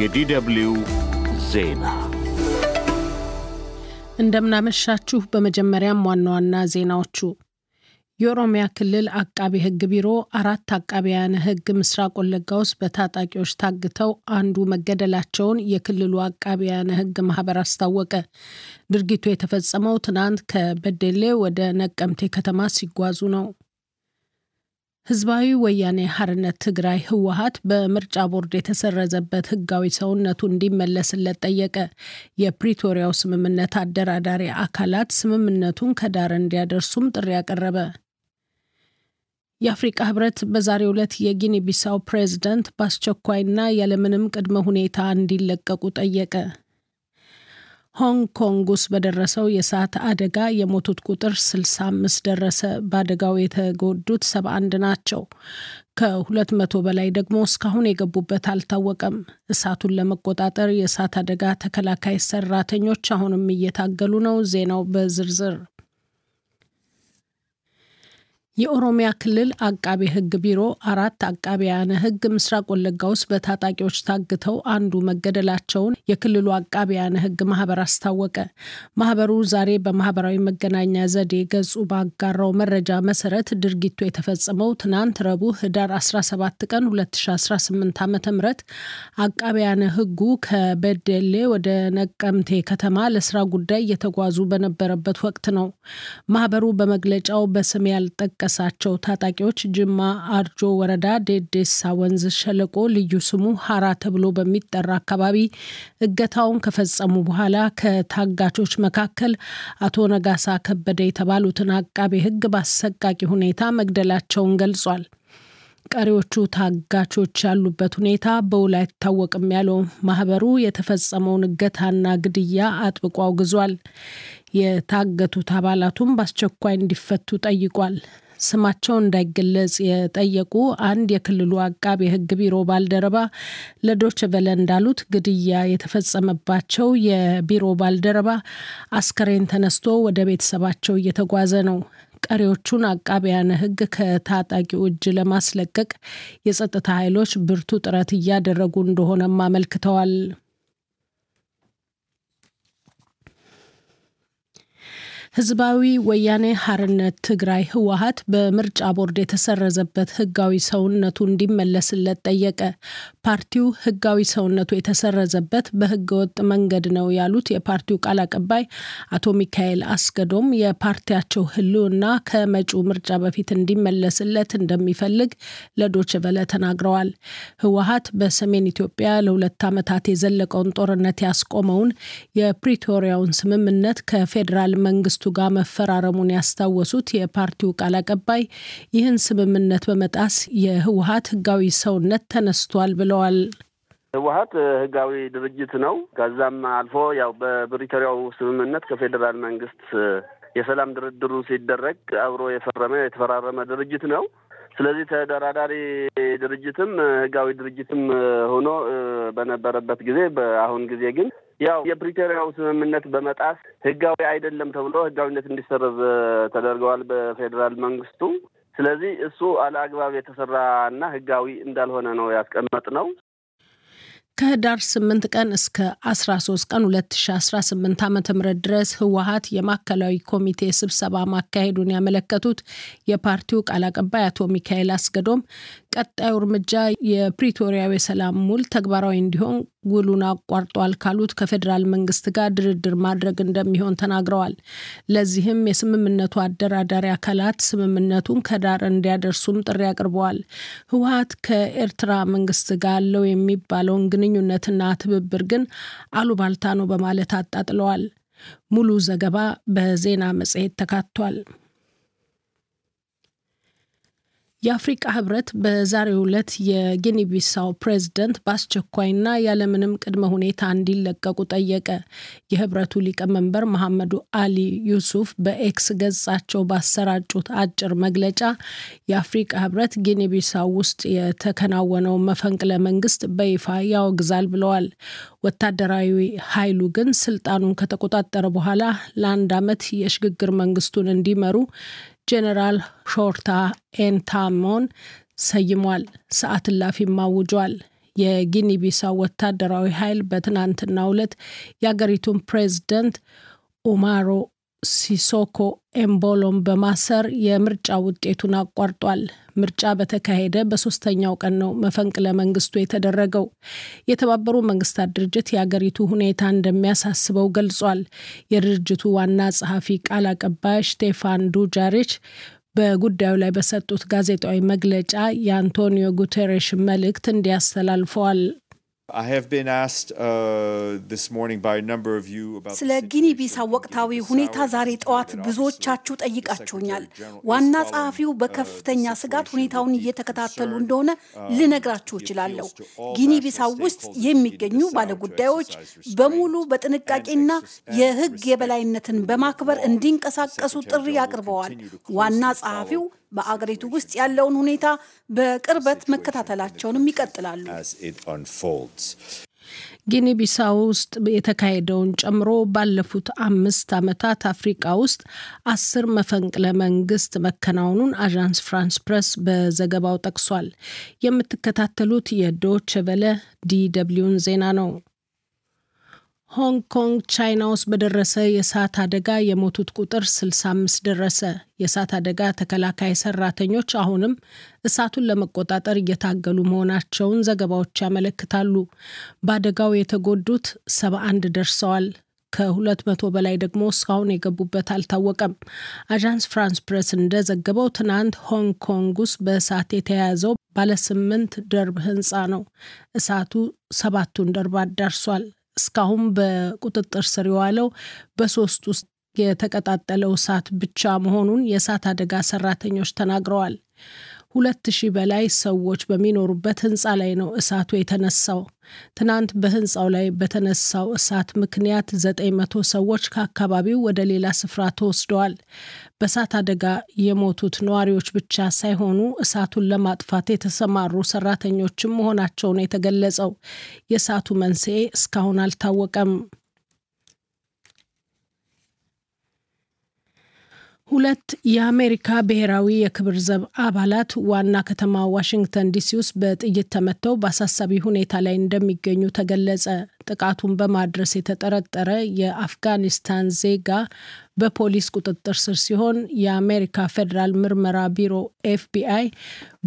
የዲደብሊው ዜና እንደምናመሻችሁ። በመጀመሪያም ዋና ዋና ዜናዎቹ የኦሮሚያ ክልል አቃቢ ሕግ ቢሮ አራት አቃቢያነ ሕግ ምስራቅ ወለጋ ውስጥ በታጣቂዎች ታግተው አንዱ መገደላቸውን የክልሉ አቃቢያነ ሕግ ማህበር አስታወቀ። ድርጊቱ የተፈጸመው ትናንት ከበደሌ ወደ ነቀምቴ ከተማ ሲጓዙ ነው። ህዝባዊ ወያኔ ሀርነት ትግራይ ህወሀት በምርጫ ቦርድ የተሰረዘበት ህጋዊ ሰውነቱ እንዲመለስለት ጠየቀ። የፕሪቶሪያው ስምምነት አደራዳሪ አካላት ስምምነቱን ከዳር እንዲያደርሱም ጥሪ አቀረበ። የአፍሪቃ ህብረት በዛሬው ዕለት የጊኒ ቢሳው ፕሬዝዳንት በአስቸኳይና ያለምንም ቅድመ ሁኔታ እንዲለቀቁ ጠየቀ። ሆንግ ኮንግ ውስጥ በደረሰው የእሳት አደጋ የሞቱት ቁጥር 65 ደረሰ። በአደጋው የተጎዱት 71 ናቸው። ከሁለት መቶ በላይ ደግሞ እስካሁን የገቡበት አልታወቀም። እሳቱን ለመቆጣጠር የእሳት አደጋ ተከላካይ ሰራተኞች አሁንም እየታገሉ ነው። ዜናው በዝርዝር የኦሮሚያ ክልል አቃቤ ሕግ ቢሮ አራት አቃቢያነ ሕግ ምስራቅ ወለጋ ውስጥ በታጣቂዎች ታግተው አንዱ መገደላቸውን የክልሉ አቃቢያነ ሕግ ማህበር አስታወቀ። ማህበሩ ዛሬ በማህበራዊ መገናኛ ዘዴ ገጹ ባጋራው መረጃ መሰረት ድርጊቱ የተፈጸመው ትናንት ረቡዕ ህዳር 17 ቀን 2018 ዓ ም አቃቢያነ ሕጉ ከበደሌ ወደ ነቀምቴ ከተማ ለስራ ጉዳይ እየተጓዙ በነበረበት ወቅት ነው። ማህበሩ በመግለጫው በስም ያልጠቀ የጠቀሳቸው ታጣቂዎች ጅማ አርጆ ወረዳ ዴዴሳ ወንዝ ሸለቆ ልዩ ስሙ ሀራ ተብሎ በሚጠራ አካባቢ እገታውን ከፈጸሙ በኋላ ከታጋቾች መካከል አቶ ነጋሳ ከበደ የተባሉትን አቃቤ ሕግ በአሰቃቂ ሁኔታ መግደላቸውን ገልጿል። ቀሪዎቹ ታጋቾች ያሉበት ሁኔታ በውል አይታወቅም ያለው ማህበሩ የተፈጸመውን እገታና ግድያ አጥብቆ አውግዟል። የታገቱት አባላቱም በአስቸኳይ እንዲፈቱ ጠይቋል። ስማቸው እንዳይገለጽ የጠየቁ አንድ የክልሉ አቃቢ ሕግ ቢሮ ባልደረባ ለዶች በለ እንዳሉት ግድያ የተፈጸመባቸው የቢሮ ባልደረባ አስከሬን ተነስቶ ወደ ቤተሰባቸው እየተጓዘ ነው። ቀሪዎቹን አቃቢያነ ሕግ ከታጣቂው እጅ ለማስለቀቅ የጸጥታ ኃይሎች ብርቱ ጥረት እያደረጉ እንደሆነም አመልክተዋል። ህዝባዊ ወያኔ ሀርነት ትግራይ ህወሀት በምርጫ ቦርድ የተሰረዘበት ህጋዊ ሰውነቱ እንዲመለስለት ጠየቀ። ፓርቲው ህጋዊ ሰውነቱ የተሰረዘበት በህገወጥ መንገድ ነው ያሉት የፓርቲው ቃል አቀባይ አቶ ሚካኤል አስገዶም የፓርቲያቸው ህልውና ከመጪው ምርጫ በፊት እንዲመለስለት እንደሚፈልግ ለዶችቨለ ተናግረዋል። ህወሀት በሰሜን ኢትዮጵያ ለሁለት ዓመታት የዘለቀውን ጦርነት ያስቆመውን የፕሪቶሪያውን ስምምነት ከፌዴራል መንግስት ከመንግስቱ ጋር መፈራረሙን ያስታወሱት የፓርቲው ቃል አቀባይ ይህን ስምምነት በመጣስ የህወሀት ህጋዊ ሰውነት ተነስቷል ብለዋል። ህወሀት ህጋዊ ድርጅት ነው። ከዛም አልፎ ያው በፕሪቶሪያው ስምምነት ከፌዴራል መንግስት የሰላም ድርድሩ ሲደረግ አብሮ የፈረመ የተፈራረመ ድርጅት ነው። ስለዚህ ተደራዳሪ ድርጅትም ህጋዊ ድርጅትም ሆኖ በነበረበት ጊዜ በአሁን ጊዜ ግን ያው የፕሪቶሪያው ስምምነት በመጣስ ህጋዊ አይደለም ተብሎ ህጋዊነት እንዲሰረዝ ተደርገዋል በፌዴራል መንግስቱ። ስለዚህ እሱ አለአግባብ የተሰራና ህጋዊ እንዳልሆነ ነው ያስቀመጥ ነው። ከህዳር 8 ቀን እስከ 13 ቀን 2018 ዓ.ም ድረስ ህወሀት የማዕከላዊ ኮሚቴ ስብሰባ ማካሄዱን ያመለከቱት የፓርቲው ቃል አቀባይ አቶ ሚካኤል አስገዶም ቀጣዩ እርምጃ የፕሪቶሪያው የሰላም ውል ተግባራዊ እንዲሆን ውሉን አቋርጧል ካሉት ከፌዴራል መንግስት ጋር ድርድር ማድረግ እንደሚሆን ተናግረዋል። ለዚህም የስምምነቱ አደራዳሪ አካላት ስምምነቱን ከዳር እንዲያደርሱም ጥሪ አቅርበዋል። ህወሀት ከኤርትራ መንግስት ጋር አለው የሚባለውን ግንኙነትና ትብብር ግን አሉባልታ ነው በማለት አጣጥለዋል። ሙሉ ዘገባ በዜና መጽሔት ተካቷል። የአፍሪቃ ህብረት በዛሬው ዕለት የጊኒቢሳው ቢሳው ፕሬዝደንት በአስቸኳይና ያለምንም ቅድመ ሁኔታ እንዲለቀቁ ጠየቀ። የህብረቱ ሊቀመንበር መሐመዱ አሊ ዩሱፍ በኤክስ ገጻቸው ባሰራጩት አጭር መግለጫ የአፍሪቃ ህብረት ጊኒቢሳው ቢሳው ውስጥ የተከናወነው መፈንቅለ መንግስት በይፋ ያወግዛል ብለዋል። ወታደራዊ ኃይሉ ግን ስልጣኑን ከተቆጣጠረ በኋላ ለአንድ ዓመት የሽግግር መንግስቱን እንዲመሩ ጄኔራል ሾርታ ኤንታሞን ሰይሟል። ሰዓት እላፊም አውጇል። የጊኒ ወታደራዊ ኃይል በትናንትናው ዕለት የአገሪቱን ፕሬዝደንት ኡማሮ ሲሶኮ ኤምቦሎም በማሰር የምርጫ ውጤቱን አቋርጧል። ምርጫ በተካሄደ በሶስተኛው ቀን ነው መፈንቅለ መንግስቱ የተደረገው። የተባበሩ መንግስታት ድርጅት የአገሪቱ ሁኔታ እንደሚያሳስበው ገልጿል። የድርጅቱ ዋና ጸሐፊ ቃል አቀባይ ሽቴፋን ዱጃሪች በጉዳዩ ላይ በሰጡት ጋዜጣዊ መግለጫ የአንቶኒዮ ጉተሬሽ መልእክት እንዲያስተላልፈዋል Uh, ስለ ጊኒ ቢሳው ወቅታዊ ሁኔታ ዛሬ ጠዋት ብዙዎቻችሁ ጠይቃችሁኛል። ዋና ጸሐፊው በከፍተኛ ስጋት ሁኔታውን እየተከታተሉ እንደሆነ uh, ልነግራችሁ እችላለሁ። ጊኒ ቢሳው ውስጥ የሚገኙ ባለጉዳዮች በሙሉ በጥንቃቄና የሕግ የበላይነትን በማክበር እንዲንቀሳቀሱ ጥሪ አቅርበዋል። ዋና ጸሐፊው በአገሪቱ ውስጥ ያለውን ሁኔታ በቅርበት መከታተላቸውንም ይቀጥላሉ። ጊኒ ቢሳው ውስጥ የተካሄደውን ጨምሮ ባለፉት አምስት ዓመታት አፍሪቃ ውስጥ አስር መፈንቅለ መንግስት መከናወኑን አዣንስ ፍራንስ ፕረስ በዘገባው ጠቅሷል። የምትከታተሉት የዶች ቨለ ዲ ደብልዩን ዜና ነው። ሆንግ ኮንግ ቻይና ውስጥ በደረሰ የእሳት አደጋ የሞቱት ቁጥር 65 ደረሰ። የእሳት አደጋ ተከላካይ ሰራተኞች አሁንም እሳቱን ለመቆጣጠር እየታገሉ መሆናቸውን ዘገባዎች ያመለክታሉ። በአደጋው የተጎዱት 71 ደርሰዋል። ከ መቶ በላይ ደግሞ እስካሁን የገቡበት አልታወቀም። አዣንስ ፍራንስ ፕሬስ እንደዘገበው ትናንት ሆንግ ኮንግ ውስጥ በእሳት የተያያዘው ባለ ደርብ ህንፃ ነው። እሳቱ ሰባቱን ደርብ አዳርሷል። እስካሁን በቁጥጥር ስር የዋለው በሶስት ውስጥ የተቀጣጠለው እሳት ብቻ መሆኑን የእሳት አደጋ ሰራተኞች ተናግረዋል። ሁለት ሺህ በላይ ሰዎች በሚኖሩበት ህንፃ ላይ ነው እሳቱ የተነሳው። ትናንት በህንፃው ላይ በተነሳው እሳት ምክንያት ዘጠኝ መቶ ሰዎች ከአካባቢው ወደ ሌላ ስፍራ ተወስደዋል። በእሳት አደጋ የሞቱት ነዋሪዎች ብቻ ሳይሆኑ እሳቱን ለማጥፋት የተሰማሩ ሰራተኞችም መሆናቸውን የተገለጸው። የእሳቱ መንስኤ እስካሁን አልታወቀም። ሁለት የአሜሪካ ብሔራዊ የክብር ዘብ አባላት ዋና ከተማ ዋሽንግተን ዲሲ ውስጥ በጥይት ተመተው በአሳሳቢ ሁኔታ ላይ እንደሚገኙ ተገለጸ። ጥቃቱን በማድረስ የተጠረጠረ የአፍጋኒስታን ዜጋ በፖሊስ ቁጥጥር ስር ሲሆን የአሜሪካ ፌዴራል ምርመራ ቢሮ ኤፍቢአይ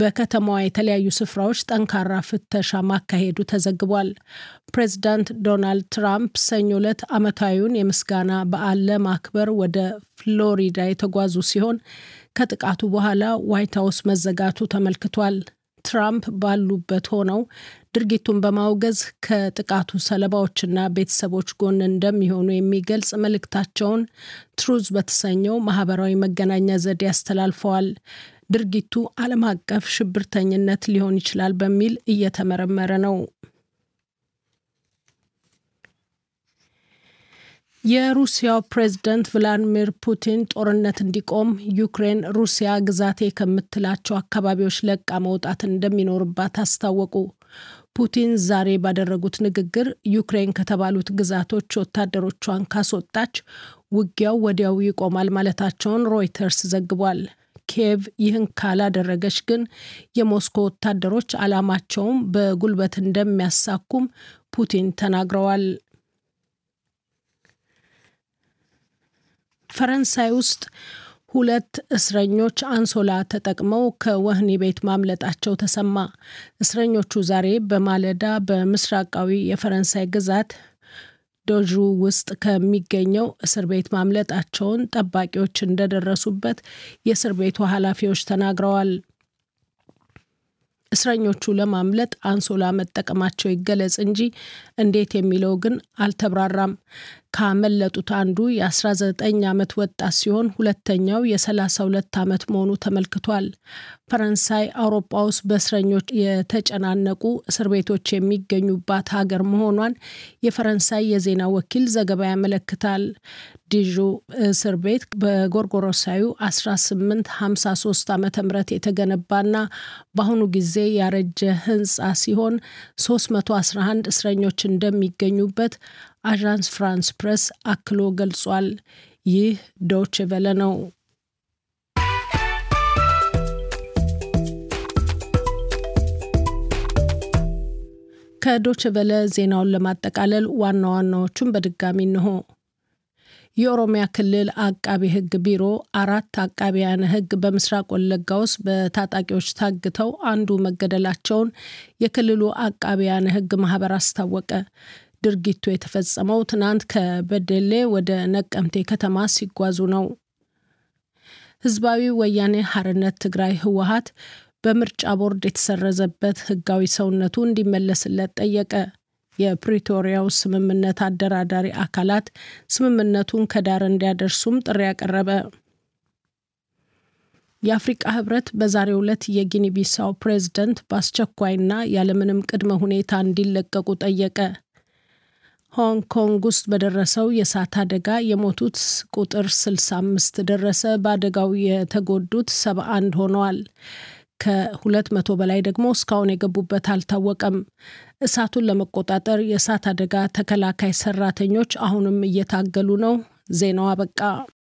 በከተማዋ የተለያዩ ስፍራዎች ጠንካራ ፍተሻ ማካሄዱ ተዘግቧል። ፕሬዚዳንት ዶናልድ ትራምፕ ሰኞ ዕለት ዓመታዊውን የምስጋና በዓል ለማክበር ወደ ፍሎሪዳ የተጓዙ ሲሆን ከጥቃቱ በኋላ ዋይት ሀውስ መዘጋቱ ተመልክቷል። ትራምፕ ባሉበት ሆነው ድርጊቱን በማውገዝ ከጥቃቱ ሰለባዎችና ቤተሰቦች ጎን እንደሚሆኑ የሚገልጽ መልእክታቸውን ትሩዝ በተሰኘው ማህበራዊ መገናኛ ዘዴ አስተላልፈዋል። ድርጊቱ ዓለም አቀፍ ሽብርተኝነት ሊሆን ይችላል በሚል እየተመረመረ ነው። የሩሲያው ፕሬዝደንት ቭላዲሚር ፑቲን ጦርነት እንዲቆም ዩክሬን ሩሲያ ግዛቴ ከምትላቸው አካባቢዎች ለቃ መውጣት እንደሚኖርባት አስታወቁ። ፑቲን ዛሬ ባደረጉት ንግግር ዩክሬን ከተባሉት ግዛቶች ወታደሮቿን ካስወጣች ውጊያው ወዲያው ይቆማል ማለታቸውን ሮይተርስ ዘግቧል። ኪየቭ ይህን ካላደረገች ግን የሞስኮ ወታደሮች ዓላማቸውን በጉልበት እንደሚያሳኩም ፑቲን ተናግረዋል። ፈረንሳይ ውስጥ ሁለት እስረኞች አንሶላ ተጠቅመው ከወህኒ ቤት ማምለጣቸው ተሰማ። እስረኞቹ ዛሬ በማለዳ በምስራቃዊ የፈረንሳይ ግዛት ዶዥ ውስጥ ከሚገኘው እስር ቤት ማምለጣቸውን ጠባቂዎች እንደደረሱበት የእስር ቤቱ ኃላፊዎች ተናግረዋል። እስረኞቹ ለማምለጥ አንሶላ መጠቀማቸው ይገለጽ እንጂ እንዴት የሚለው ግን አልተብራራም። ካመለጡት አንዱ የ19 ዓመት ወጣት ሲሆን ሁለተኛው የ32 ዓመት መሆኑ ተመልክቷል። ፈረንሳይ አውሮፓ ውስጥ በእስረኞች የተጨናነቁ እስር ቤቶች የሚገኙባት ሀገር መሆኗን የፈረንሳይ የዜና ወኪል ዘገባ ያመለክታል። ዲዡ እስር ቤት በጎርጎሮሳዩ 1853 ዓ ም የተገነባና በአሁኑ ጊዜ ያረጀ ህንፃ ሲሆን 311 እስረኞች እንደሚገኙበት አዣንስ ፍራንስ ፕሬስ አክሎ ገልጿል። ይህ ዶች ቨለ ነው። ከዶች ቨለ ዜናውን ለማጠቃለል ዋና ዋናዎቹን በድጋሚ እንሆ። የኦሮሚያ ክልል አቃቢ ሕግ ቢሮ አራት አቃቢያነ ሕግ በምስራቅ ወለጋ ውስጥ በታጣቂዎች ታግተው አንዱ መገደላቸውን የክልሉ አቃቢያነ ሕግ ማህበር አስታወቀ። ድርጊቱ የተፈጸመው ትናንት ከበደሌ ወደ ነቀምቴ ከተማ ሲጓዙ ነው። ህዝባዊ ወያኔ ሐርነት ትግራይ ህወሀት በምርጫ ቦርድ የተሰረዘበት ህጋዊ ሰውነቱ እንዲመለስለት ጠየቀ። የፕሪቶሪያው ስምምነት አደራዳሪ አካላት ስምምነቱን ከዳር እንዲያደርሱም ጥሪ ያቀረበ የአፍሪቃ ህብረት በዛሬው ዕለት የጊኒ ቢሳው ፕሬዝደንት በአስቸኳይና ያለምንም ቅድመ ሁኔታ እንዲለቀቁ ጠየቀ። ሆንግ ኮንግ ውስጥ በደረሰው የእሳት አደጋ የሞቱት ቁጥር 65 ደረሰ። በአደጋው የተጎዱት 71 ሆነዋል። ከሁለት መቶ በላይ ደግሞ እስካሁን የገቡበት አልታወቀም። እሳቱን ለመቆጣጠር የእሳት አደጋ ተከላካይ ሰራተኞች አሁንም እየታገሉ ነው። ዜናው አበቃ።